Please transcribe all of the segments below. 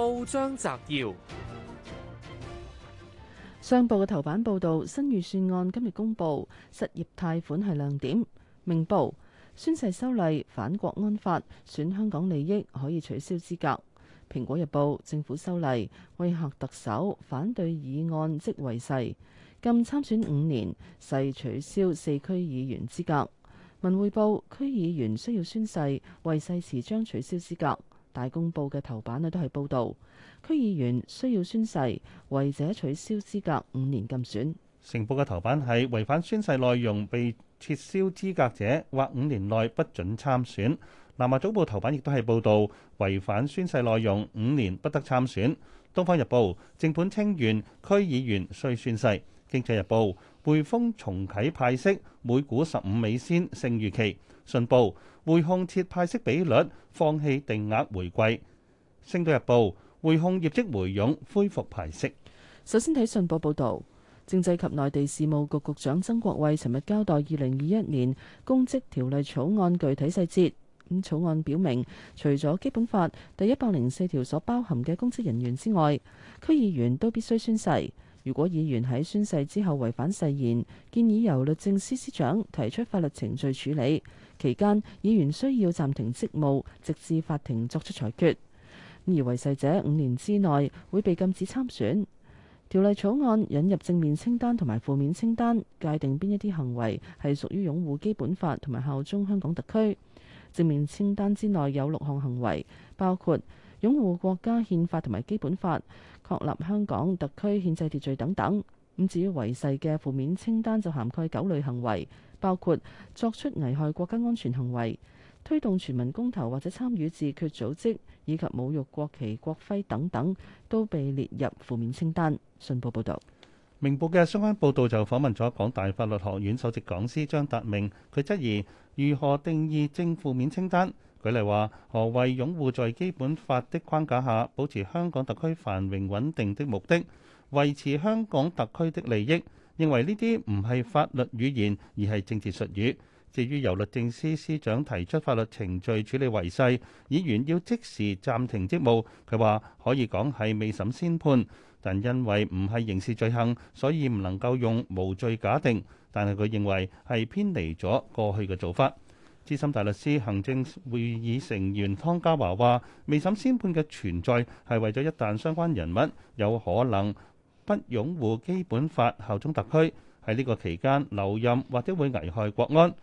報章摘要：上報嘅頭版報道，新預算案今日公布，失業貸款係亮點。明報宣誓修例反國安法損香港利益可以取消資格。蘋果日報，政府修例威嚇特首反對議案即違誓，禁參選五年，違誓取消四區議員資格。文匯報區議員需要宣誓，違誓時將取消資格。大公報嘅頭版咧都係報道，區議員需要宣誓，違者取消資格五年禁選。成報嘅頭版係違反宣誓內容被撤銷資格者，或五年內不准參選。南華早報頭版亦都係報道，違反宣誓內容五年不得參選。東方日報正本清源，區議員需宣誓。經濟日報。匯豐重啟派息，每股十五美仙，勝預期。信報匯控設派息比率，放棄定額回饋。星島日報匯控業績回勇，恢復派息。首先睇信報報導，政制及內地事務局局長曾國衛尋日交代二零二一年公職條例草案具體細節。咁草案表明，除咗《基本法》第一百零四條所包含嘅公職人員之外，區議員都必須宣誓。如果議員喺宣誓之後違反誓言，建議由律政司司長提出法律程序處理。期間，議員需要暫停職務，直至法庭作出裁決。而違誓者五年之內會被禁止參選。條例草案引入正面清單同埋負面清單，界定邊一啲行為係屬於擁護基本法同埋效忠香港特區。正面清單之內有六項行為，包括。擁護國家憲法同埋基本法，確立香港特區憲制秩序等等。咁至於違誓嘅負面清單就涵蓋九類行為，包括作出危害國家安全行為、推動全民公投或者參與自決組織，以及侮辱國旗國徽等等，都被列入負面清單。信報報道：明報嘅相關報導就訪問咗港大法律學院首席講師張達明，佢質疑如何定義正負面清單。舉例話，何謂擁護在基本法的框架下保持香港特區繁榮穩定的目的，維持香港特區的利益，認為呢啲唔係法律語言，而係政治術語。至於由律政司司長提出法律程序處理違誓，議員要即時暫停職務，佢話可以講係未審先判，但因為唔係刑事罪行，所以唔能夠用無罪假定，但係佢認為係偏離咗過去嘅做法。資深大律師、行政會議成員湯家驊話：未審先判嘅存在係為咗一旦相關人物有可能不擁護基本法、效忠特區，喺呢個期間留任或者會危害國安。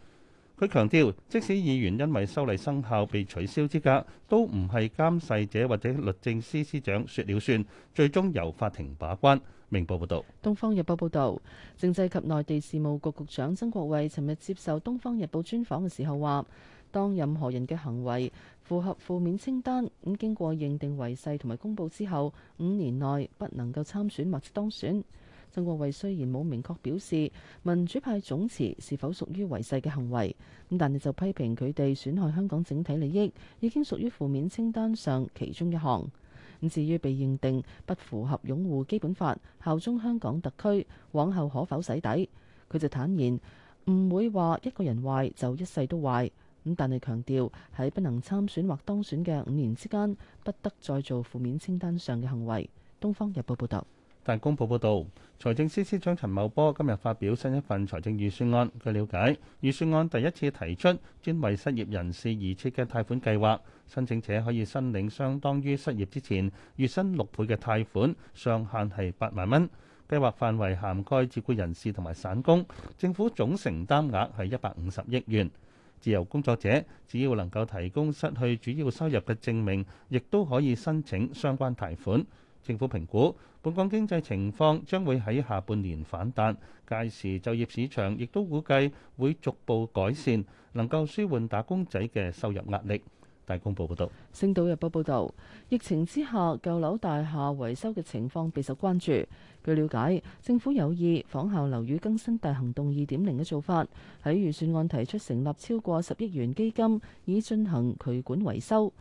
佢強調，即使議員因為修例生效被取消資格，都唔係監誓者或者律政司司長説了算，最終由法庭把關。明報報道，東方日報報導，政制及內地事務局局長曾國衛尋日接受《東方日報》專訪嘅時候話，當任何人嘅行為符合負面清單咁，經過認定違誓同埋公佈之後，五年內不能夠參選或者當選。曾國衞雖然冇明確表示民主派總辭是否屬於違誓嘅行為，咁但係就批評佢哋損害香港整體利益，已經屬於負面清單上其中一項。咁至於被認定不符合擁護基本法、效忠香港特區，往後可否洗底，佢就坦言唔會話一個人壞就一世都壞。咁但係強調喺不能參選或當選嘅五年之間，不得再做負面清單上嘅行為。《東方日報》報道。《大公報》報導，財政司司長陳茂波今日發表新一份財政預算案。據了解，預算案第一次提出專為失業人士而設嘅貸款計劃，申請者可以申領相當於失業之前月薪六倍嘅貸款，上限係八萬蚊。計劃範圍涵蓋照顧人士同埋散工，政府總承擔額係一百五十億元。自由工作者只要能夠提供失去主要收入嘅證明，亦都可以申請相關貸款。政府評估本港經濟情況將會喺下半年反彈，屆時就業市場亦都估計會逐步改善，能夠舒緩打工仔嘅收入壓力。大公報報道。《星島日報》報道，疫情之下舊樓大廈維修嘅情況備受關注。據了解，政府有意仿效樓宇更新大行動二點零嘅做法，喺預算案提出成立超過十億元基金，以進行渠管維修。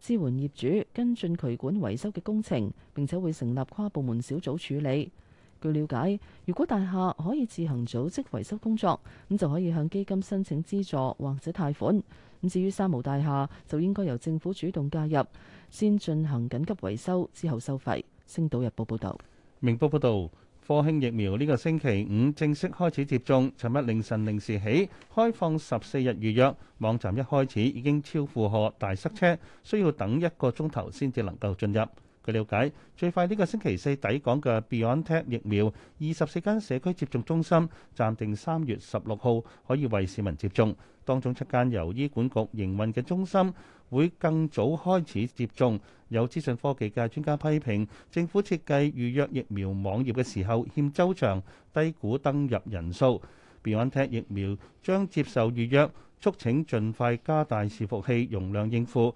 支援業主跟進渠管維修嘅工程，並且會成立跨部門小組處理。據了解，如果大廈可以自行組織維修工作，咁就可以向基金申請資助或者貸款。咁至於三無大廈，就應該由政府主動介入，先進行緊急維修，之後收費。星島日報報道。明報報導。科興疫苗呢個星期五正式開始接種，尋日凌晨零時起開放十四日預約，網站一開始已經超負荷，大塞車，需要等一個鐘頭先至能夠進入。據瞭解，最快呢個星期四抵港嘅 BioNTech 疫苗，二十四間社區接種中心暫定三月十六號可以為市民接種。當中七間由醫管局營運嘅中心會更早開始接種。有資訊科技界專家批評政府設計預約疫苗網頁嘅時候欠周詳，低估登入人數。BioNTech 疫苗將接受預約，促請盡快加大伺服器容量應付。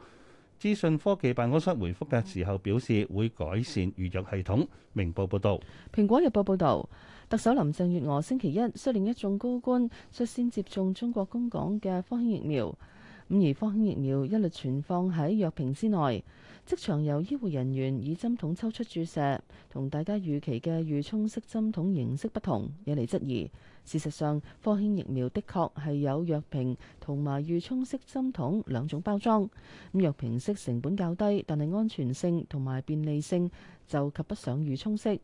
資訊科技辦公室回覆嘅時候表示，會改善預約系統。明報報道，蘋果日報報道，特首林鄭月娥星期一率領一眾高官率先接種中國供港嘅科興疫苗。咁而科興疫苗一律存放喺藥瓶之內，即場由醫護人員以針筒抽出注射，同大家預期嘅預充式針筒形式不同，引嚟質疑。事實上，科興疫苗的確係有藥瓶同埋預充式針筒兩種包裝。咁藥瓶式成本較低，但係安全性同埋便利性就及不上預充式。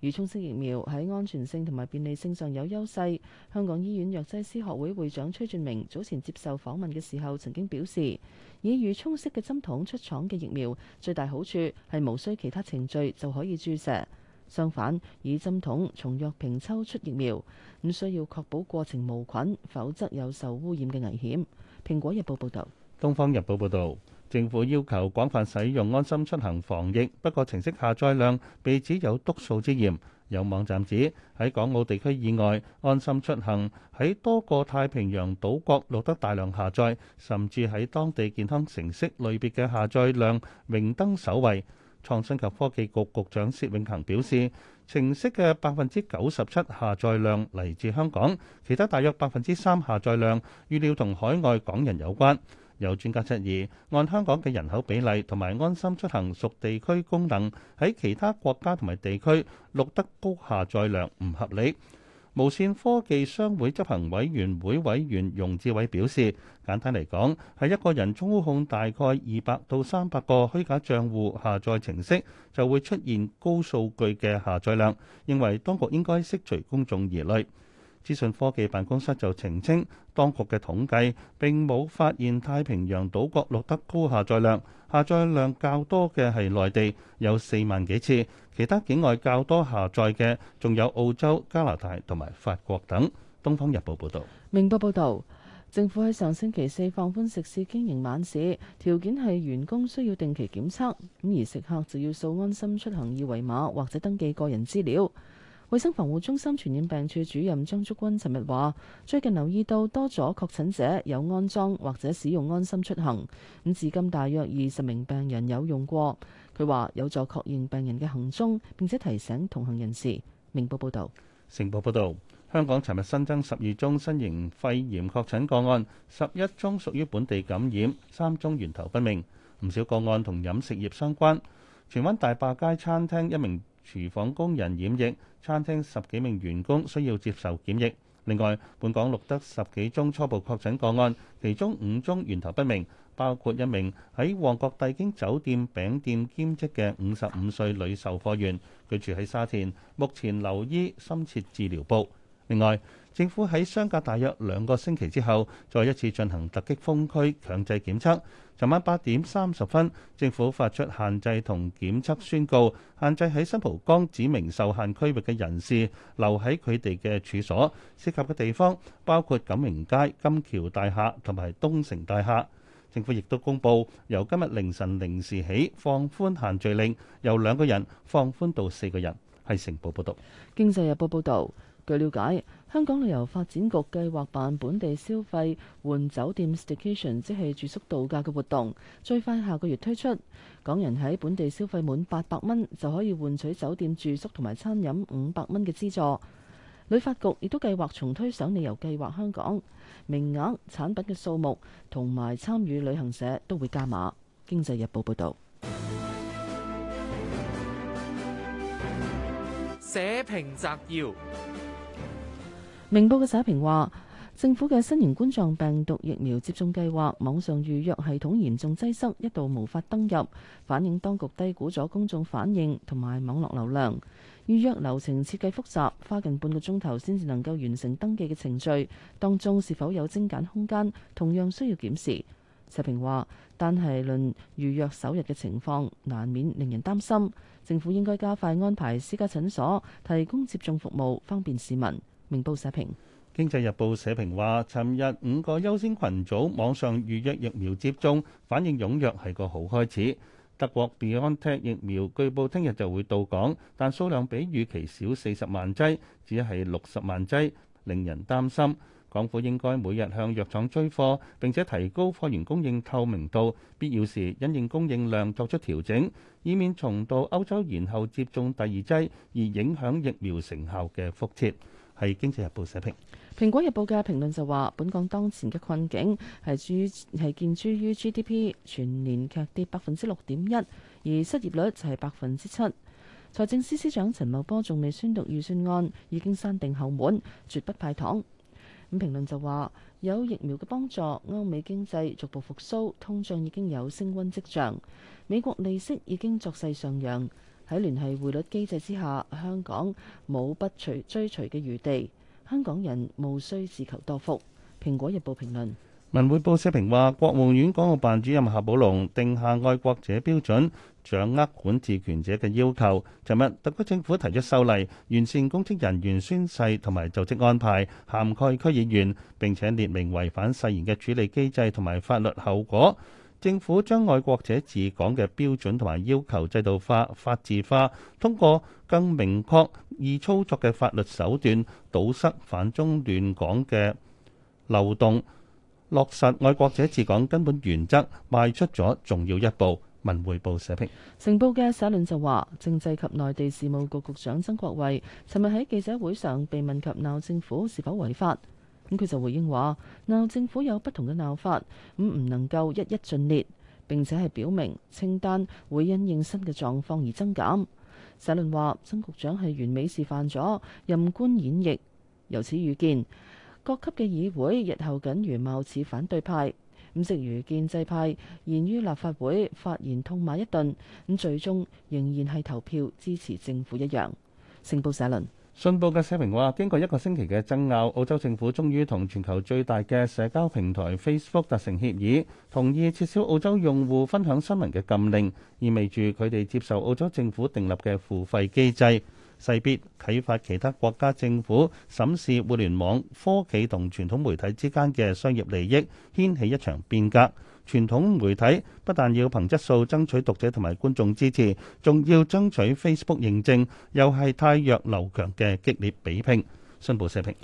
預充式疫苗喺安全性同埋便利性上有優勢。香港醫院藥劑師學會會長崔俊明早前接受訪問嘅時候曾經表示，以預充式嘅針筒出廠嘅疫苗最大好處係無需其他程序就可以注射。相反，以針筒從藥瓶抽出疫苗，唔需要確保過程無菌，否則有受污染嘅危險。《蘋果日報》報道。《東方日報》報導。政府要求廣泛使用安心出行防疫不過程式下載量被指有篤數之嫌。有網站指喺港澳地區以外，安心出行喺多個太平洋島國錄得大量下載，甚至喺當地健康程式類別嘅下載量榮登首位。創新及科技局局局長薛永恒表示，程式嘅百分之九十七下載量嚟自香港，其他大約百分之三下載量預料同海外港人有關。有專家質疑，按香港嘅人口比例同埋安心出行屬地區功能，喺其他國家同埋地區錄得高下載量唔合理。無線科技商會執行委員會委員容志偉表示，簡單嚟講，係一個人操控大概二百到三百個虛假帳戶下載程式，就會出現高數據嘅下載量，認為當局應該釋除公眾疑慮。資訊科技辦公室就澄清，當局嘅統計並冇發現太平洋島國錄得高下載量，下載量較多嘅係內地，有四萬幾次。其他境外較多下載嘅仲有澳洲、加拿大同埋法國等。《東方日報》報道。明報報道，政府喺上星期四放寬食肆經營晚市，條件係員工需要定期檢測，咁而食客就要掃安心出行二維碼或者登記個人資料。衛生防護中心傳染病處主任張竹君尋日話，最近留意到多咗確診者有安裝或者使用安心出行，咁至今大約二十名病人有用過。佢話有助確認病人嘅行蹤，並且提醒同行人士。明報報道，成報報道，香港尋日新增十二宗新型肺炎確診個案，十一宗屬於本地感染，三宗源頭不明，唔少個案同飲食業相關。荃灣大壩街餐廳一名。廚房工人染疫，餐廳十幾名員工需要接受檢疫。另外，本港錄得十幾宗初步確診個案，其中五宗源頭不明，包括一名喺旺角帝京酒店餅店兼職嘅五十五歲女售貨員，佢住喺沙田，目前留醫深切治療部。另外政府喺相隔大約兩個星期之後，再一次進行突擊封區強制檢測。尋晚八點三十分，政府發出限制同檢測宣告，限制喺新蒲崗指明受限區域嘅人士留喺佢哋嘅處所。涉及嘅地方包括錦榮街、金橋大廈同埋東城大廈。政府亦都公布由今日凌晨零時起放寬限聚令，由兩個人放寬到四個人。係成報報道。《經濟日報》報道，據了解。香港旅遊發展局計劃辦本地消費換酒店 staycation，即係住宿度假嘅活動，最快下個月推出。港人喺本地消費滿八百蚊就可以換取酒店住宿同埋餐飲五百蚊嘅資助。旅發局亦都計劃重推賞你遊計劃，香港名額、產品嘅數目同埋參與旅行社都會加碼。經濟日報報道。社評摘要。明報嘅社評話，政府嘅新型冠狀病毒疫苗接種計劃網上預約系統嚴重擠塞，一度無法登入，反映當局低估咗公眾反應同埋網絡流量。預約流程設計複雜，花近半個鐘頭先至能夠完成登記嘅程序。當中是否有精簡空間，同樣需要檢視。社評話，但係論預約首日嘅情況，難免令人擔心。政府應該加快安排私家診所提供接種服務，方便市民。明報社評，《經濟日報》社評話：尋日五個優先羣組網上預約疫苗接種，反應踴躍係個好開始。德國 Biontech 疫苗據報聽日就會到港，但數量比預期少四十萬劑，只係六十萬劑，令人擔心。港府應該每日向藥廠追貨，並且提高貨源供應透明度，必要時因應供應量作出調整，以免重蹈歐洲延後接種第二劑而影響疫苗成效嘅覆轍。係《經濟日報》寫評，《蘋果日報》嘅評論就話：本港當前嘅困境係於係建於 GDP 全年劇跌百分之六點一，而失業率就係百分之七。財政司司長陳茂波仲未宣讀預算案，已經閂定後門，絕不派糖。咁評論就話：有疫苗嘅幫助，歐美經濟逐步復甦，通脹已經有升溫跡象，美國利息已經作勢上揚。喺聯繫匯率機制之下，香港冇不追追隨嘅餘地。香港人無需自求多福。《蘋果日報》評論，《文匯報》社評話：國務院港澳辦主任夏寶龍定下愛國者標準，掌握管治權者嘅要求。尋日，特區政府提出修例，完善公職人員宣誓同埋就職安排，涵蓋區議員，並且列明違反誓言嘅處理機制同埋法律後果。政府將愛國者治港嘅標準同埋要求制度化、法治化，通過更明確、易操作嘅法律手段堵塞反中亂港嘅漏洞，落實愛國者治港根本原則，邁出咗重要一步。文匯報社評，成報嘅社論就話，政制及內地事務局局長曾國衛，尋日喺記者會上被問及鬧政府是否違法。咁佢就回應話：鬧政府有不同嘅鬧法，咁唔能夠一一盡列。並且係表明清單會因應新嘅狀況而增減。社論話：曾局長係完美示範咗任官演繹，由此預見，各級嘅議會日後僅如貌似反對派，咁正如建制派現於立法會發言痛罵一頓，咁最終仍然係投票支持政府一樣。星報社論。信報嘅社評話：經過一個星期嘅爭拗，澳洲政府終於同全球最大嘅社交平台 Facebook 達成協議，同意撤銷澳洲用戶分享新聞嘅禁令，意味住佢哋接受澳洲政府訂立嘅付費機制。勢必啟發其他國家政府審視互聯網、科技同傳統媒體之間嘅商業利益，掀起一場變革。傳統媒體不但要憑質素爭取讀者同埋觀眾支持，仲要爭取 Facebook 認證，又係汰弱留強嘅激烈比拼。信報社評。